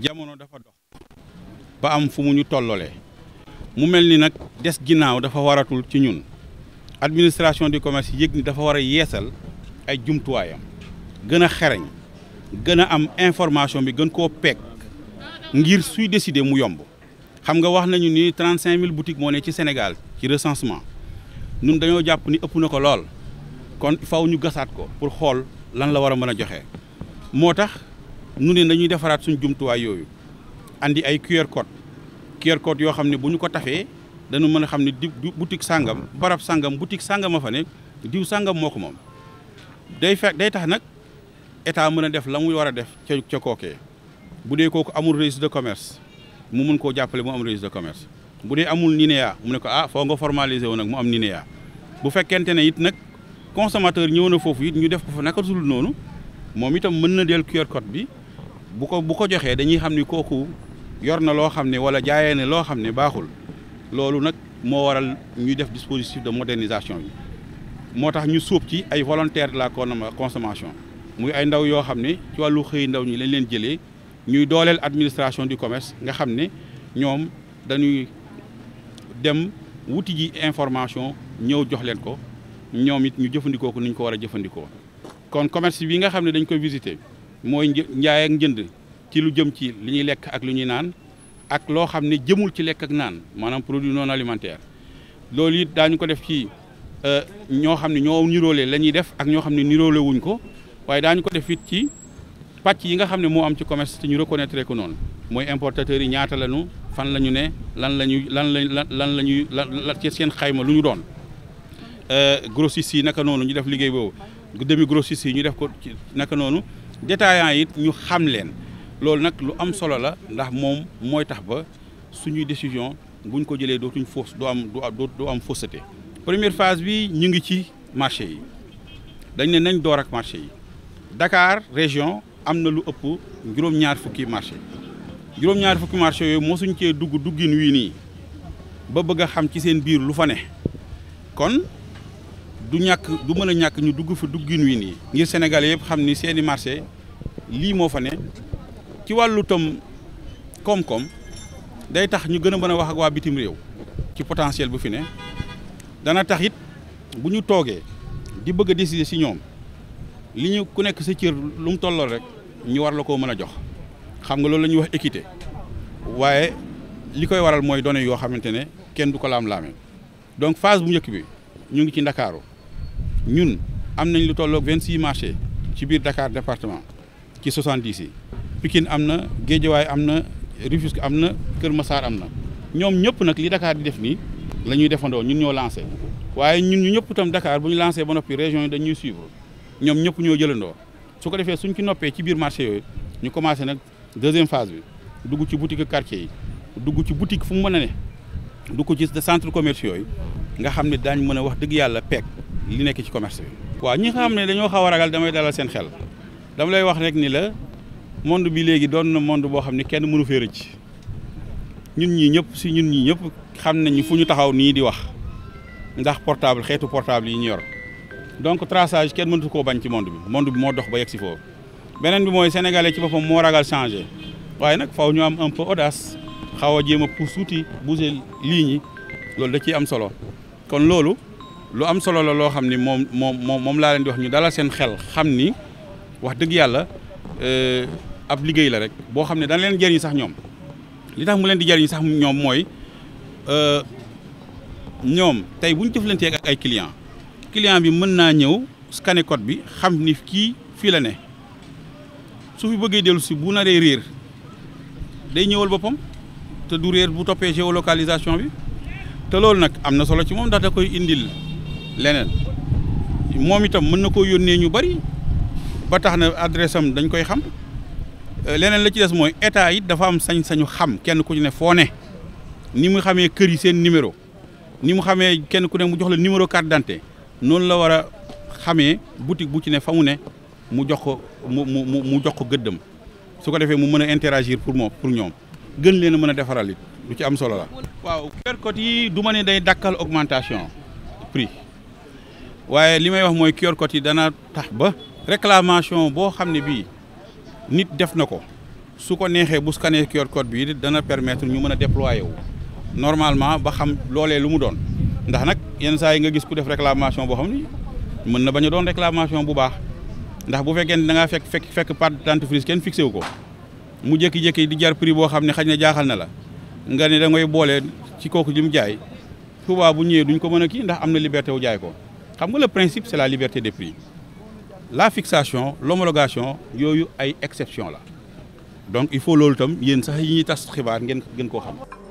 jamono dafa dox ba am fu mu ñu tolloole mu mel ni nag des ginnaaw dafa waratul ci ñun administration du commerce yéeg ni dafa war a yeesal ay jumtuwaayam gën a xereñ gën a am information bi gën koo peek ngir suy décider mu yomb xam nga wax nañu ni 35000 boutiques moo ne ci Sénégal ci recensement ñun dañoo jàpp ni ëpp na ko lool kon faw ñu gasaat ko pour xool lan la war a mën a joxe moo tax nu ne nañuy defaraat suñu jumtuwaay yooyu indi ay QR code QR code yoo xam ne bu ñu ko tafee dañu mën a xam ne di boutique sàngam barab sàngam boutique sàngam a fa ne diw sàngam moo ko moom day fekk day tax nag état mën a def la muy war a def ca ca kookee bu dee kooku amul registre de commerce mu mun koo jàppale mu am registre de commerce bu dee amul NINEA mu ne ko ah foo nga formaliser wu nag mu am NINEA nag consommateur ñëw na foofu it ñu def ko fa naka noonu moom itam mën na del QR code bi bu ko bu ko joxee dañuy xam ni kooku yor na loo xam ne wala jaayee ne loo xam ne baaxul loolu nag moo waral ñuy def dispositif de modernisation yi moo tax ñu suub ci ay volontaires de la consommation muy ay ndaw yoo xam ne ci wàllu xëy ndaw ñi lañ leen jëlee ñuy dooleel administration du commerce nga xam ne ñoom dañuy dem wuti ji information ñëw jox leen ko ñoom it ñu jëfandikoo ko ni ko war a jëfandikoo kon commerce bi nga xam ne dañ koy visiter mooy njaay ak njënd ci lu jëm ci lu ñuy lekk ak lu ñuy naan ak loo xam ne jëmul ci lekk ak naan maanaam produit non alimentaire loolu it daañu ko def ci euh, ñoo xam ne ñoo niroole la ñuy def ak ñoo xam ne niroole wuñ ko waaye daañu ko def ci pàcc yi nga xam ne moo am ci commerce te ñu reconnaître ko noonu mooy importateurs yi ñaata lañu fan la ñu ne lan la ñu lan la lan la ñuy lan ci seen xayma lu ñu doon. Euh, grossistes yi naka noonu ñu def liggéey boobu demi grossistes yi ñu def ko naka noonu détaillants yi ñu xam leen loolu nag lu am solo la ndax moom mooy tax ba suñuy décision buñ ko jëlee dootuñ fausse doo am doo am fausseté première phase bi ñu ngi ci marché yi dañ ne nañ door ak marché yi dakaar région am na lu ëpp juróom-ñaar fukki marché juróom-ñaar fukki marché yooyu mosuñ cee dugg duggin wii nii ba bëgg a xam ci seen biir lu fa ne kon du ñàkk du mën a ñàkk ñu dugg fa duggin wii nii ngir Sénégalais yëpp xam ni seeni marché lii moo fa ne ci wàllu tom koom day tax ñu gën a mën a wax ak waa bitim réew ci potentiel bu fi ne dana tax it bu ñu toogee di bëgg a décider si ñoom li ñu ku nekk sa cër lu mu tollool rek ñu war la koo mën a jox xam nga loolu la ñuy wax équité waaye li koy waral mooy données yoo xamante ne kenn du ko laam-laame donc phase bu njëkk bi ñu ngi ci Ndakaaru ñun am nañ lu tolloog vingt six marché ci biir dakaar département ci soixante dix yi Pikine am na Géejawaay am na Rufisque am na Kër masaar am na ñoom ñëpp nag li Dakar di def nii la ñuy defandoo ñun ñoo lancé waaye ñun ñu ñëpp tam dakaar bu ñu lancé ba noppi région yi dañuy suivre ñoom ñëpp ñoo jëlandoo su ko defee suñ ci noppee ci biir marché yooyu ñu commencé nag deuxième phase bi dugg ci boutique quartier yi dugg ci boutique fu mu mën a ne dugg ci centre commerciaux yi nga xam ne daañ mën a wax dëgg yàlla peeg li nekk ci commerce bi. waaw ñi xam ne dañoo xaw a ragal damay dalal seen xel dama lay wax rek ni la monde bi léegi doon na monde boo xam ne kenn mënu fee rëcc ñun ñii ñëpp si ñun ñii ñëpp xam nañu fu ñu taxaw nii di wax ndax portable xeetu portable yi ñu yor donc traçage kenn mënatu koo bañ ci monde bi monde bi moo dox ba yegg si foofu. beneen bi mooy sénégalais ci boppam moo ragal changé waaye nag faw ñu am un peu audace xaw a jéem a pousse tuuti bouger lignes yi loolu da ciy am solo kon loolu. lu am solo la loo xam ni moom moom moom laa leen di wax ñu dalal seen xel xam ni wax dëgg yàlla euh, ab liggéey la rek boo xam ne dana leen jariñ sax ñoom li tax mu leen di jariñ sax ñoom mooy euh, ñoom tey bu ñu jëflantee ak ay client client bi mën naa ñëw scanner bi xam ni kii fii la ne su fi bëggee dellu si bu naree réer day ñëwal boppam te du réer bu toppee géolocalisation bi te loolu nag am na solo ci moom dax da koy indil. leneen moom itam mën na koo yónnee ñu bari ba tax na adresse am dañ koy xam euh, leneen la ci des mooy état it dafa am sañ-sañu xam kenn ku ci ne foo ne ni mu xamee kër yi seen numéro ni mu xamee kenn ku ne mu jox la numéro carte d'identité noonu la war a xamee boutique bu ci ne fa mu ne mu jox ko mu mu mu jox ko gëddam su ko defee mu mën a interagir pour moom pour ñoom gën leen mën a defaral it lu ci am solo la. waaw kër kot yi du ne day dakkal augmentation prix. waaye li may wax mooy QR code dana tax ba réclamation boo xam ne bii nit def na ko su ko neexee bu kanee QR code bii dana permettre ñu mën a déployer wu normalement ba xam loolee lu mu doon ndax nag yenn saa yi nga gis ku def réclamation boo xam ni mën na bañ doon réclamation bu baax ndax bu fekkee ne da fekk fekk fekk part d'entreprise kenn fixé wu ko mu jékki-jékki di jar prix boo xam ne xaj na jaaxal na la nga ne da ngay boole ci kooku ji mu jaay suba bu ñëwee duñ ko mën a kii ndax am na liberté wu jaay ko. xam nga le principe c'est la liberté des prix la fixation l'homologation yooyu ay exception la donc il faut loolu itam yéen sax yi ñuy tas xibaar ngeen gën koo xam